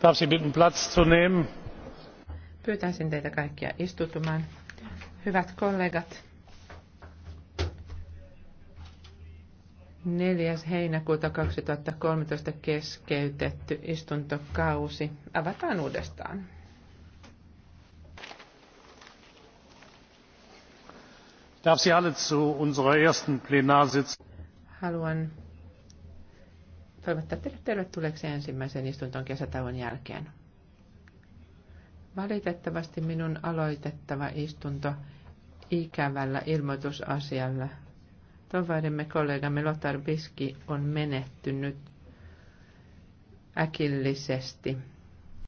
darf Sie bitten, Platz zu nehmen. Pyytäisin teitä kaikkia istutumaan. Hyvät kollegat, 4. heinäkuuta 2013 keskeytetty istuntokausi avataan uudestaan. Darf Sie alle zu unserer ersten Plenarsitzung Haluan toivottaa teille tervetulleeksi ensimmäisen istunton kesätauon jälkeen. Valitettavasti minun aloitettava istunto ikävällä ilmoitusasialla. Tovarimme kollegamme Lothar Biski on menehtynyt äkillisesti